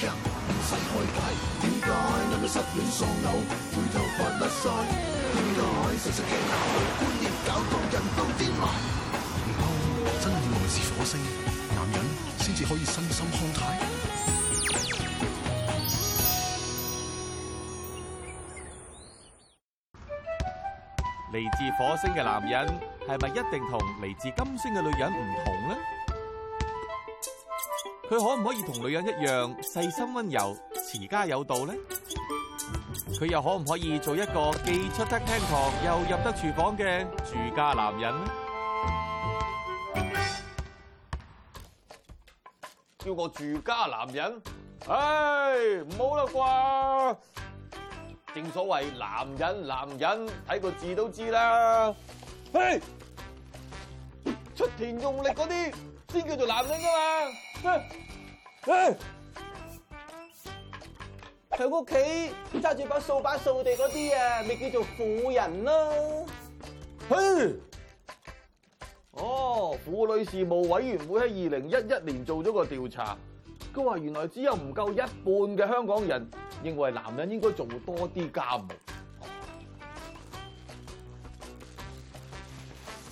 唔使解解，點解諗起失戀喪腦，回頭髮甩晒？點解成成幾難，嘅觀念搞到人都癲埋？然後真係要來自火星，男人先至可以身心康泰。嚟自火星嘅男人係咪一定同嚟自金星嘅女人唔同呢？佢可唔可以同女人一樣細心溫柔、持家有道咧？佢又可唔可以做一個既出得廳堂又入得廚房嘅住家男人呢？叫個住家男人？唉、哎，唔好啦啩！正所謂男人男人，睇個字都知啦。嘿，出田用力嗰啲先叫做男人㗎嘛！喺屋企揸住把掃把掃地嗰啲啊，咪叫做婦人咯。哎、哦，婦女事務委員會喺二零一一年做咗個調查，佢話原來只有唔夠一半嘅香港人認為男人應該做多啲家務。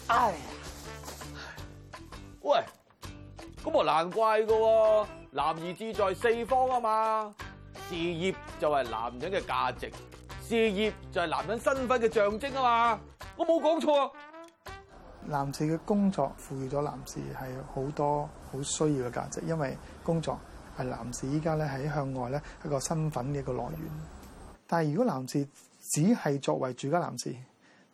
唉、哎哎，喂。咁啊，難怪噶男兒志在四方啊嘛！事業就係男人嘅價值，事業就係男人身份嘅象徵啊嘛！我冇講錯啊！男士嘅工作賦予咗男士係好多好需要嘅價值，因為工作係男士依家咧喺向外咧一個身份嘅一個來源。但係如果男士只係作為住家男士，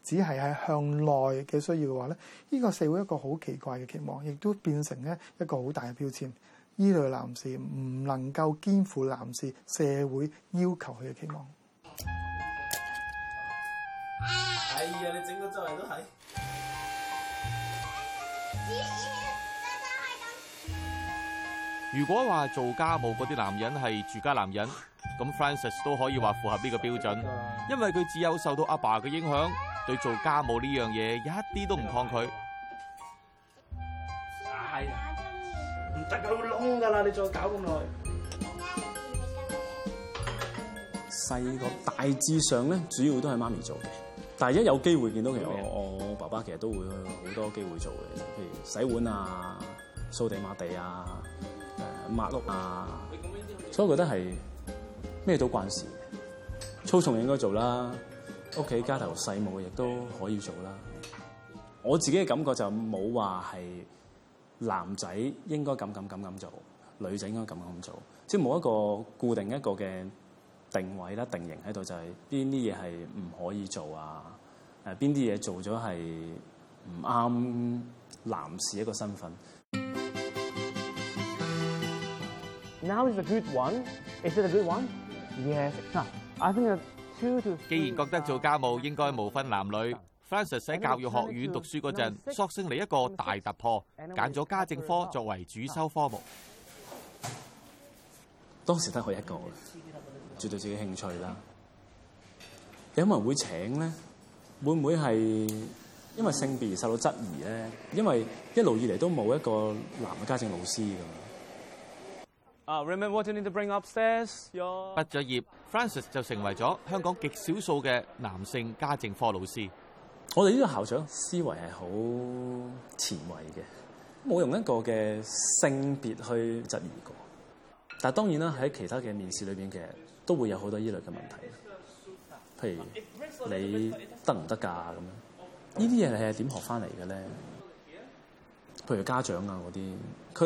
只係係向內嘅需要嘅話咧，呢個社會一個好奇怪嘅期望，亦都變成咧一個好大嘅標籤。依類男士唔能夠肩負男士社會要求佢嘅期望。哎呀！你整個周圍都係。如果話做家務嗰啲男人係住家男人，咁 Francis 都可以話符合呢個標準， 因為佢只有受到阿爸嘅影響。對做家務呢樣嘢一啲都唔抗拒。係、哎、啊，唔得噶，會窿噶啦！你再搞咁耐。細個大致上咧，主要都係媽咪做嘅。但係一有機會見到佢，我我爸爸其實都會好多機會做嘅，譬如洗碗啊、掃地抹地啊、抹碌啊是是，所以我覺得係咩都慣事，粗重應該做啦。屋企家頭細務亦都可以做啦。我自己嘅感覺就冇話係男仔應該咁咁咁咁做，女仔應該咁咁做，即係冇一個固定一個嘅定位啦、定型喺度，就係邊啲嘢係唔可以做啊？誒，邊啲嘢做咗係唔啱男士一個身份。Now is a good one. Is it a good one? Yes. No. I think that's... 既然覺得做家務應該無分男女，Francis 喺教育學院讀書嗰陣，索性嚟一個大突破，揀咗家政科作為主修科目。當時得佢一個，絕對自己興趣啦。有冇人會請呢？會唔會係因為性別而受到質疑呢？因為一路以嚟都冇一個男嘅家政老師嘅啊，remember what you need to bring upstairs Your…… 畢。畢咗業，Francis 就成為咗香港極少數嘅男性家政科老師。我哋呢個校長思維係好前衞嘅，冇用一個嘅性別去質疑過。但係當然啦，喺其他嘅面試裏邊，其實都會有好多依類嘅問題，譬如你得唔得㗎咁？這些是怎回來的呢啲嘢係點學翻嚟嘅咧？譬如家長啊嗰啲，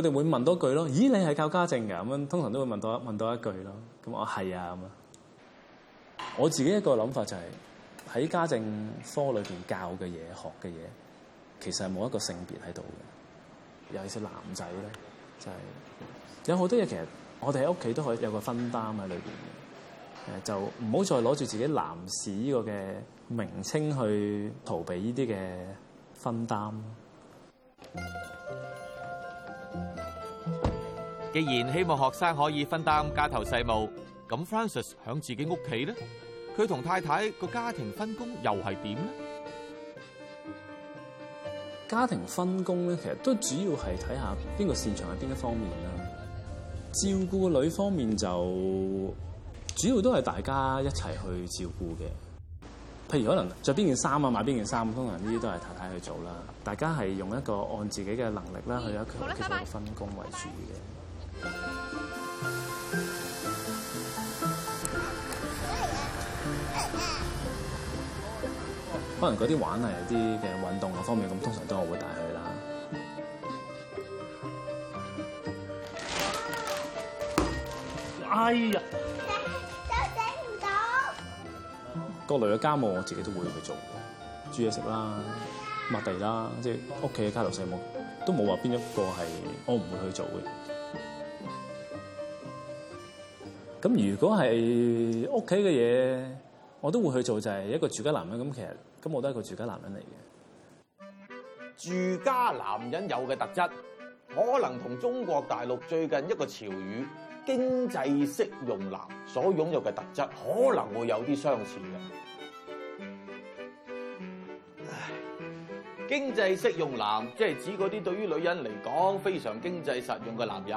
佢哋會問多句咯。咦，你係教家政㗎？咁樣通常都會問多一問多一句咯。咁我係啊咁樣。我自己一個諗法就係、是、喺家政科裏邊教嘅嘢、學嘅嘢，其實係冇一個性別喺度嘅。尤其是男仔咧，就係、是、有好多嘢其實我哋喺屋企都可以有個分擔喺裏邊嘅。誒，就唔好再攞住自己男士呢個嘅名稱去逃避呢啲嘅分擔。既然希望學生可以分擔家頭細務，咁 Francis 響自己屋企咧，佢同太太個家庭分工又係點呢？家庭分工咧，其實都主要係睇下邊個擅長喺邊一方面啦。照顧女方面就主要都係大家一齊去照顧嘅。譬如可能着邊件衫啊，買邊件衫，通常呢啲都係太太去做啦。大家係用一個按自己嘅能力啦，去一個叫做分工為主嘅。可能嗰啲玩係啲嘅運動啊方面，咁通常都我會帶佢啦。哎呀！各類嘅家務我自己都會去做，煮嘢食啦、抹地啦，即係屋企嘅家頭細務都冇話邊一個係我唔會去做嘅。咁如果係屋企嘅嘢，我都會去做，就係一個住家男人。咁其實咁我都係個住家男人嚟嘅。住家男人有嘅特質，可能同中國大陸最近一個潮語。經濟適用男所擁有嘅特質可能會有啲相似嘅。經濟適用男即係指啲對於女人嚟講非常經濟實用嘅男人。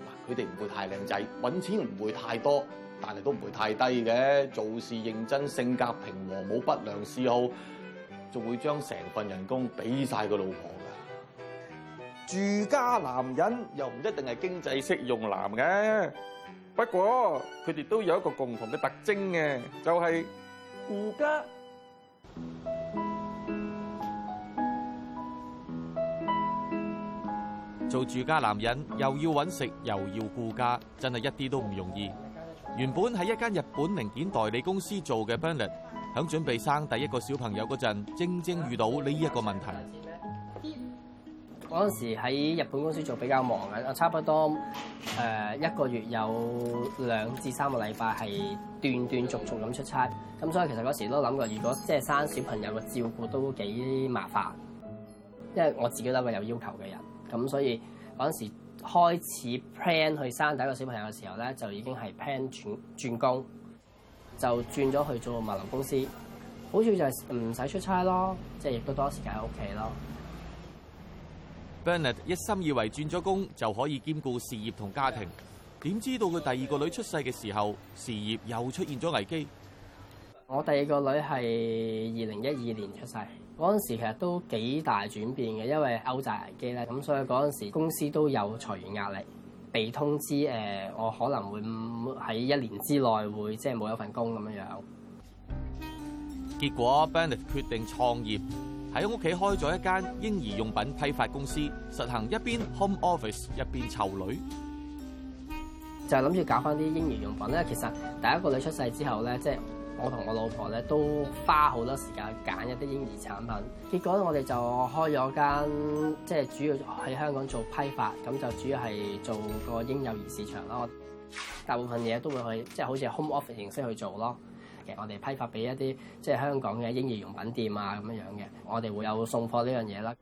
嗱，佢哋唔會太靚仔，搵錢唔會太多，但係都唔會太低嘅。做事認真，性格平和，冇不良嗜好，仲會將成份人工俾晒個老婆。住家男人又唔一定係經濟適用男嘅，不過佢哋都有一個共同嘅特徵嘅，就係顧家。做住家男人又要搵食又要顧家，真係一啲都唔容易。原本喺一間日本零件代理公司做嘅 Bernard，喺準備生第一個小朋友嗰陣，正正遇到呢一個問題。嗰陣時喺日本公司做比較忙嘅，啊差不多誒一個月有兩至三個禮拜係斷斷續續咁出差，咁所以其實嗰時都諗過，如果即係生小朋友嘅照顧都幾麻煩，因為我自己都係個有要求嘅人，咁所以嗰陣時開始 plan 去生第一個小朋友嘅時候咧，就已經係 plan 轉轉工，就轉咗去做物流公司，好似就係唔使出差咯，即係亦都多時間喺屋企咯。Bennett 一心以為轉咗工就可以兼顧事業同家庭，點知道佢第二個女出世嘅時候，事業又出現咗危機。我第二個女係二零一二年出世，嗰陣時其實都幾大轉變嘅，因為歐債危機咧，咁所以嗰陣時公司都有裁員壓力，被通知誒，我可能會喺一年之內會即係冇一份工咁樣樣。結果 Bennett 決定創業。喺屋企開咗一間嬰兒用品批發公司，實行一邊 home office 一邊湊女，就係諗住搞翻啲嬰兒用品。因為其實第一個女出世之後咧，即係我同我老婆咧都花好多時間揀一啲嬰兒產品。結果我哋就開咗間，即係主要喺香港做批發，咁就主要係做個嬰幼兒市場咯。大部分嘢都會去，即係好似 home office 形式去做咯。我哋批發俾一啲，即係香港嘅嬰兒用品店啊，咁樣樣嘅，我哋會有送貨呢樣嘢啦。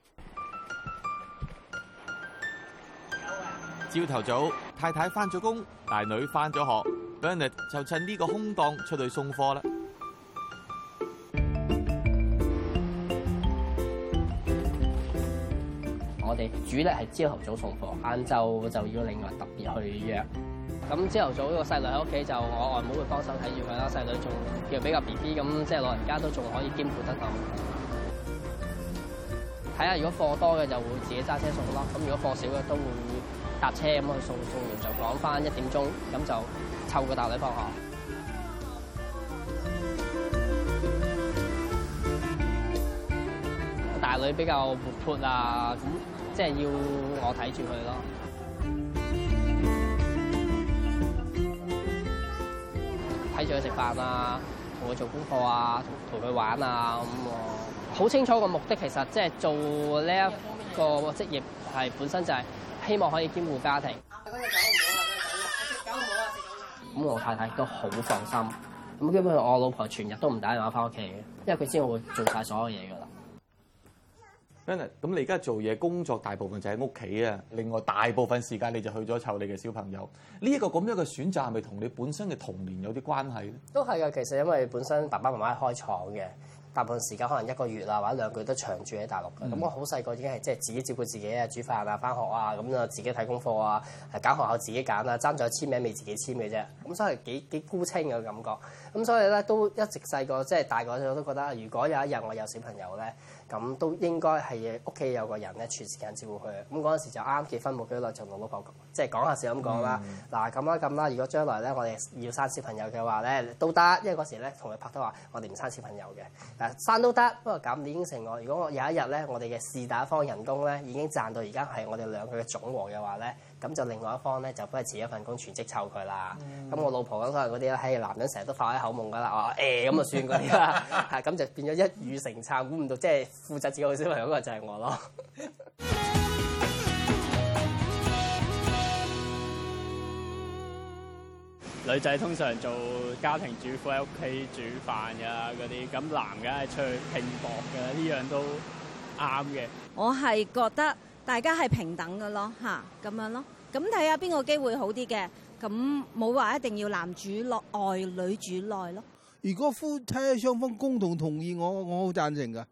朝頭早太太翻咗工，大女翻咗學，Benet 就趁呢個空檔出去送貨啦。我哋主力係朝頭早送貨，晏晝就要另外一特別去約。咁朝頭早個細女喺屋企就我外母會幫手睇住佢啦，細女仲要比較 B B 咁，即係老人家都仲可以兼顧得到。睇下如果貨多嘅就會自己揸車送咯，咁如果貨少嘅都會搭車咁去送，送完就趕返一點鐘，咁就湊個大女放學。大女比較活潑啊，咁即係要我睇住佢咯。陪佢食飯啊，同佢做功課啊，同佢玩啊咁啊，好、嗯、清楚個目的其實即係做呢一個職業係本身就係希望可以兼顧家庭。隻狗唔好啊！隻狗啊！隻狗唔好啊！咁我太太都好放心。咁基本上我老婆全日都唔打電話翻屋企嘅，因為佢知道我會做晒所有嘢噶啦。咁，你而家做嘢工作大部分就喺屋企啊。另外，大部分時間你就去咗湊你嘅小朋友。呢、這、一個咁樣嘅選擇，係咪同你本身嘅童年有啲關係？咧？都係啊，其實因為本身爸爸媽媽開廠嘅，大部分時間可能一個月啊或者兩個月都長住喺大陸嘅。咁、嗯、我好細個已經係即係自己照顧自己啊，煮飯啊，返學啊，咁啊自己睇功課啊，係揀學校自己揀啊，爭咗簽名未自己簽嘅啫。咁所以幾幾孤清嘅感覺。咁所以咧都一直細個即係大個咗都覺得，如果有一日我有小朋友咧。咁都應該係屋企有個人咧，全時間照顧佢。咁嗰陣時就啱啱結婚冇幾耐，就同老婆即係講下笑咁講啦。嗱，咁啦咁啦，如果將來咧，我哋要生小朋友嘅話咧，都得，因為嗰時咧同佢拍拖話，我哋唔生小朋友嘅，誒生都得。不過咁，你應承我，如果我有一日咧，我哋嘅士打方人工咧已經賺到而家係我哋兩個嘅總和嘅話咧。咁就另外一方咧，就幫佢辭咗份工，全職湊佢啦。咁、嗯、我老婆咁可能嗰啲咧，係男人成日都發開口夢噶啦，哦誒咁就算嗰啲啦，係 咁 就變咗一語成讖，估唔到即係、就是、負責照顧小朋友嗰個就係我咯。 女仔通常做家庭主婦喺屋企煮飯呀嗰啲，咁男嘅係出去拼搏嘅，呢樣都啱嘅。我係覺得。大家係平等嘅咯，嚇咁樣咯，咁睇下邊個機會好啲嘅，咁冇話一定要男主落外女主內咯。如果夫妻雙方共同同意我，我我好贊成嘅。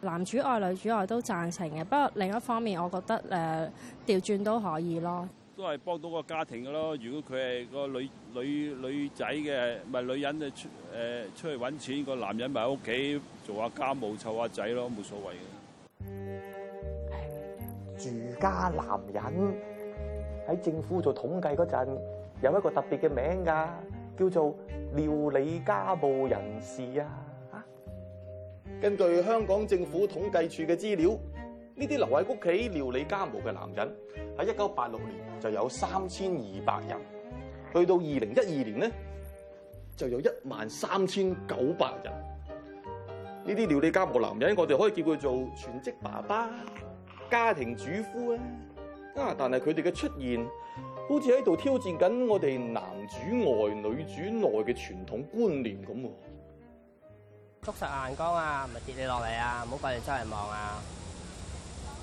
男主外女主外都贊成嘅，不過另一方面，我覺得誒、呃、調轉都可以咯。都係幫到個家庭嘅咯。如果佢係個女女女仔嘅，咪女人就出誒、呃、出去揾錢，個男人咪喺屋企做下家務湊下仔咯，冇所謂嘅。住家男人喺政府做統計嗰陣，有一個特別嘅名㗎，叫做料理家務人士啊。根據香港政府統計處嘅資料，呢啲留喺屋企料理家務嘅男人，喺一九八六年就有三千二百人，去到二零一二年呢，就有一萬三千九百人。呢啲料理家務男人，我哋可以叫佢做全職爸爸。家庭主夫咧、啊，啊！但係佢哋嘅出現，好似喺度挑戰緊我哋男主外女主內嘅傳統觀念咁。捉實眼光啊，咪跌你落嚟啊！唔好跪住出嚟望啊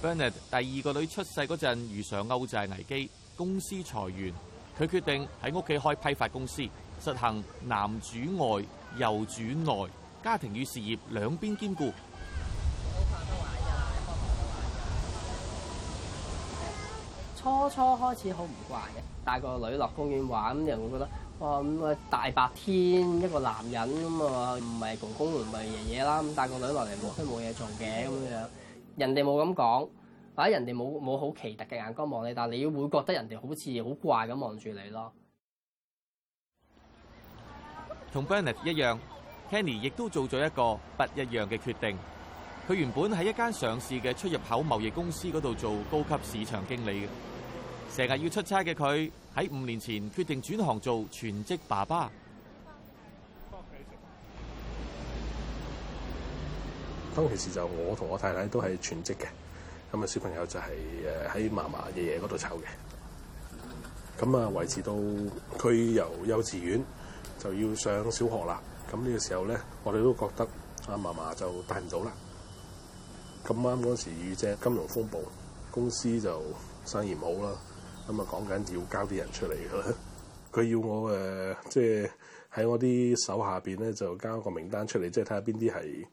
！Bernard 第二個女出世嗰陣遇上歐債危機，公司裁員，佢決定喺屋企開批發公司，實行男主外、又主內，家庭與事業兩邊兼顧。初初開始好唔慣嘅，帶個女落公園玩，咁啲人會覺得哇，咁啊大白天一個男人咁啊，唔係公公唔係爺爺啦，咁帶個女落嚟冇都冇嘢做嘅咁樣。人哋冇咁講，或者人哋冇冇好奇特嘅眼光望你，但係你要會覺得人哋好似好怪咁望住你咯。同 Bennett 一樣，Kenny 亦都做咗一個不一樣嘅決定。佢原本喺一間上市嘅出入口貿易公司嗰度做高級市場經理嘅。成日要出差嘅佢喺五年前決定轉行做全職爸爸。當其時就我同我太太都係全職嘅，咁啊，小朋友就係誒喺嫲嫲爺爺嗰度湊嘅。咁啊，維持到佢由幼稚園就要上小學啦。咁呢個時候咧，我哋都覺得阿嫲嫲就帶唔到啦。咁啱嗰時遇正金融風暴，公司就生意唔好啦。咁啊，講緊要交啲人出嚟噶啦，佢要我誒，即係喺我啲手下邊咧，就交個名單出嚟，即係睇下邊啲係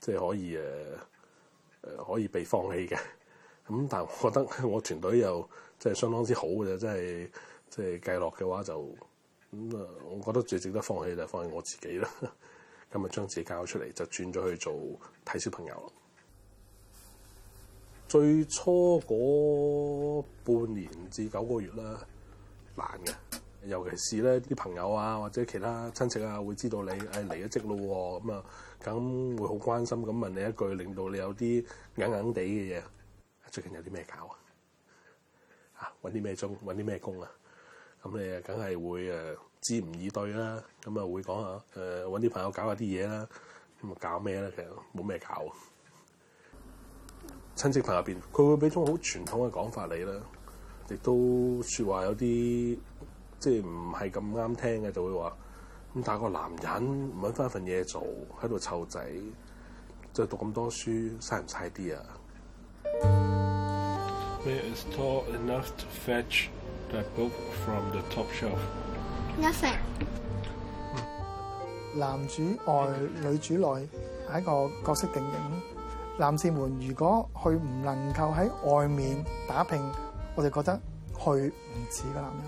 即係可以、呃、可以被放棄嘅。咁但係我覺得我團隊又即係相當之好嘅啫，即係即係計落嘅話就咁啊、嗯，我覺得最值得放棄就係放棄我自己啦。咁、嗯、啊，將自己交出嚟就轉咗去做睇小朋友。最初嗰半年至九個月啦，難嘅，尤其是咧啲朋友啊或者其他親戚啊會知道你誒離咗職嘞喎，咁啊咁會好關心咁問你一句，令到你有啲硬硬地嘅嘢。最近有啲咩搞啊？嚇，揾啲咩中，揾啲咩工啊？咁你啊，梗係、啊、會誒支吾以對啦。咁啊會講下誒揾啲朋友搞下啲嘢啦。咁啊搞咩咧？其實冇咩搞。親戚朋友邊，佢會俾種好傳統嘅講法你啦，亦都說話有啲即係唔係咁啱聽嘅，就會話咁大個男人唔揾翻份嘢做，喺度湊仔，即係讀咁多書，嘥唔嘥啲啊？Is tall enough to fetch that book from the top shelf？Nothing。男主外，女主內係一個角色定型。男士們，如果佢唔能夠喺外面打拼，我哋覺得佢唔似個男人。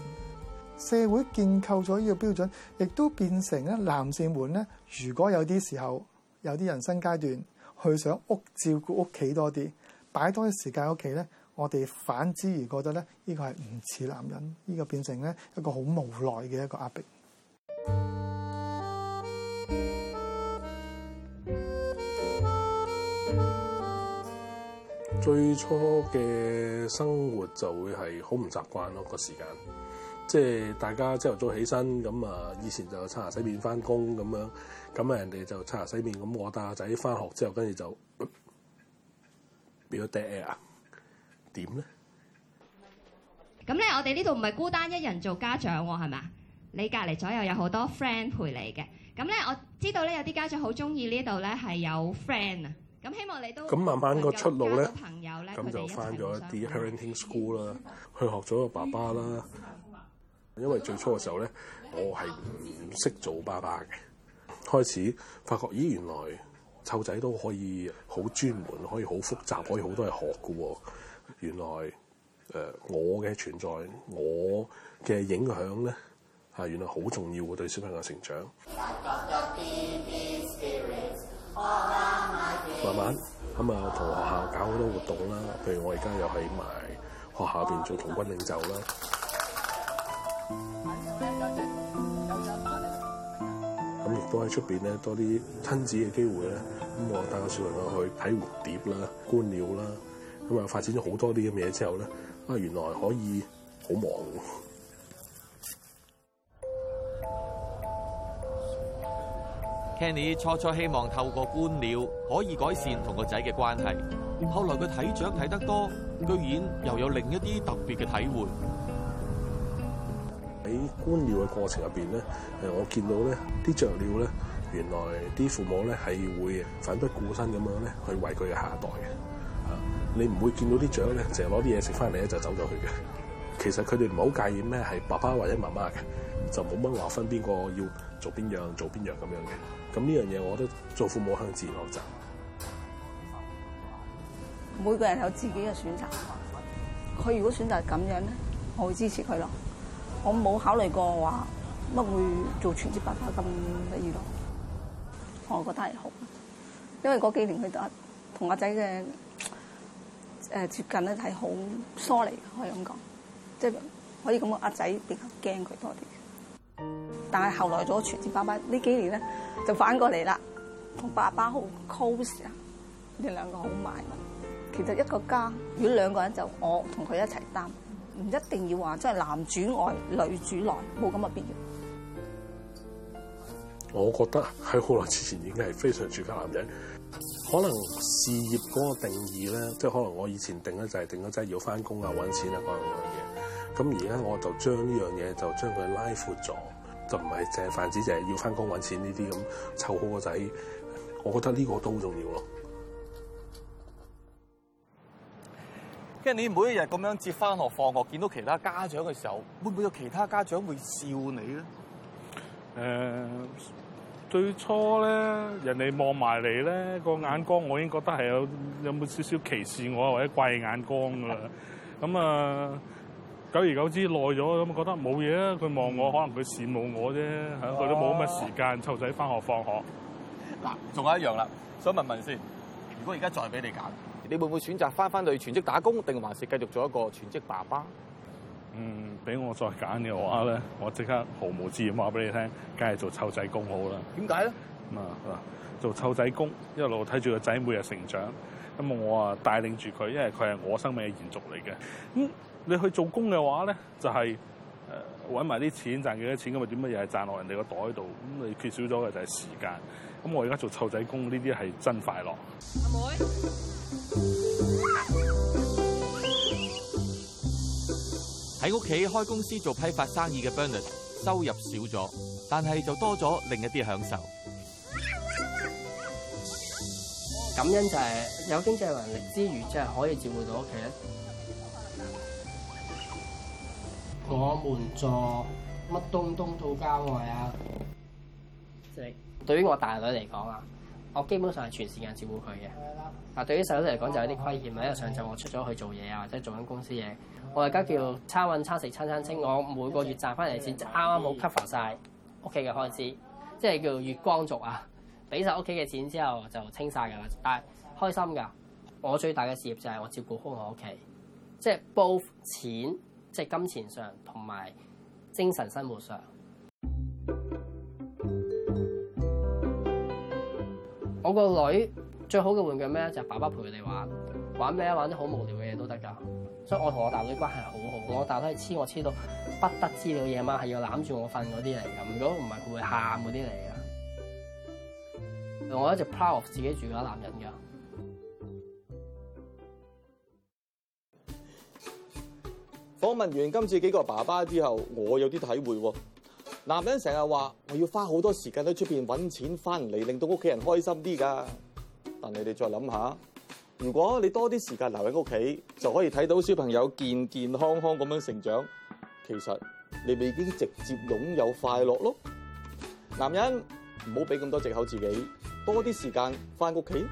社會建構咗呢個標準，亦都變成咧，男士們咧，如果有啲時候有啲人生階段，佢想屋照顧屋企多啲，擺多啲時間喺屋企咧，我哋反之而覺得咧，呢個係唔似男人，呢個變成咧一個好無奈嘅一個壓迫。最初嘅生活就會係好唔習慣咯，個時間即係大家朝頭早起身咁啊，以前就刷牙洗面翻工咁樣，咁啊人哋就刷牙洗面，咁我帶仔翻學之後，跟住就、呃、變咗 dead air，點咧？咁咧，我哋呢度唔係孤單一人做家長喎，係咪？你隔離左右有好多 friend 陪你嘅。咁咧，我知道咧有啲家長好中意呢度咧係有 friend 啊。咁希望你都咁慢慢個出路咧，咁、那個、就翻咗一啲 parenting school 啦，去學咗個爸爸啦。因為最初嘅時候咧，我係唔識做爸爸嘅。開始發覺，咦，原來湊仔都可以好專門，可以好複雜，可以好多嘢學嘅喎。原來誒、呃、我嘅存在，我嘅影響咧，啊，原來好重要嘅對小朋友成長。慢慢咁啊，同學校搞好多活動啦，譬如我而家又喺埋學校入邊做童軍領袖啦。咁亦都喺出邊咧多啲親子嘅機會咧，咁我帶個小朋友去睇蝴蝶啦、觀鳥啦，咁啊發展咗好多啲咁嘅嘢之後咧，啊原來可以好忙。Kenny 初初希望透過觀鳥可以改善同個仔嘅關係。後來佢睇雀睇得多，居然又有另一啲特別嘅體會喺觀鳥嘅過程入邊咧。誒，我見到咧啲雀鳥咧，原來啲父母咧係會奮不顧身咁樣咧去為佢嘅下一代嘅。啊，你唔會見到啲雀咧，成日攞啲嘢食翻嚟咧就走咗去嘅。其實佢哋唔好介意咩係爸爸或者媽媽嘅，就冇乜話分邊個要做邊樣做邊樣咁樣嘅。咁呢樣嘢，我都做父母向自然學習。每個人有自己嘅選擇，佢如果選擇咁樣咧，我會支持佢咯。我冇考慮過話乜會做全職爸爸咁得意咯。我覺得係好，因為嗰幾年佢同阿仔嘅誒接近咧係好疏離，可以咁講，即係可以咁講，阿仔比較驚佢多啲。但係後來咗，全職爸爸呢幾年咧就反過嚟啦，同爸爸好 close 啊，你哋兩個好埋。其實一個家，如果兩個人就我同佢一齊擔，唔一定要話即係男主外女主內，冇咁嘅必要。我覺得喺好耐之前已經係非常住家男人，可能事業嗰個定義咧，即可能我以前定咧就係定咗即係要翻工啊、搵錢啊嗰樣嘢。咁而家我就將呢樣嘢就將佢拉闊咗。就唔係淨係飯子，淨係要翻工揾錢呢啲咁湊好個仔，我覺得呢個都好重要咯。因為你每一日咁樣接翻學、放學，見到其他家長嘅時候，會唔會有其他家長會笑你咧？誒 呃，最初咧，人哋望埋嚟咧個眼光，我已經覺得係有有冇少少歧視我或者怪眼光噶啦。咁 啊～、呃久而久之，耐咗咁覺得冇嘢啊！佢望我、嗯，可能佢羨慕我啫。佢都冇乜時間湊仔翻學放學。嗱、啊，仲有一樣啦，想問問先。如果而家再俾你揀，你會唔會選擇翻翻去全職打工，定還，還是繼續做一個全職爸爸？嗯，俾我再揀嘅話咧，我即刻毫無置疑話俾你聽，梗係做湊仔工好啦。點解咧？啊做湊仔工，一路睇住個仔每日成長，咁我啊帶領住佢，因為佢係我生命嘅延續嚟嘅。嗯你去做工嘅話咧，就係誒搵埋啲錢，賺幾多錢咁咪點乜嘢係賺落人哋個袋度？咁你缺少咗嘅就係時間。咁我而家做湊仔工，呢啲係真快樂。阿妹喺屋企開公司做批發生意嘅 Bernard 收入少咗，但係就多咗另一啲享受。感恩就係、是、有經濟能力之餘，即係可以照顧到屋企咧。我們坐乜東東到郊外啊！即係對於我大女嚟講啊，我基本上係全時間照顧佢嘅。嗱，對於細女嚟講就有啲虧欠啦，因為上晝我出咗去做嘢啊，或者做緊公司嘢。我而家叫餐搵餐食餐餐清，我每個月賺返嚟嘅錢啱啱好 cover 晒屋企嘅開支，即係叫月光族啊！俾晒屋企嘅錢之後就清晒㗎啦。但係開心㗎，我最大嘅事業就係我照顧好我屋企，即係 both 錢。即係金錢上，同埋精神生活上。 我個女最好嘅玩具咩？就係爸爸陪佢哋玩，玩咩？玩啲好無聊嘅嘢都得噶。所以我同我大女關係好好，我大女黐我黐到不得知了，夜晚係要攬住我瞓嗰啲嚟㗎。如果唔係，佢會喊嗰啲嚟㗎。我一直 proud 自己住家男人㗎。我問完今次幾個爸爸之後，我有啲體會喎、哦。男人成日話我要花好多時間喺出面揾錢翻嚟，令到屋企人開心啲㗎。但係你再諗下，如果你多啲時間留喺屋企，就可以睇到小朋友健健康康咁樣成長。其實你咪已經直接擁有快樂咯。男人唔好俾咁多借口自己，多啲時間翻屋企。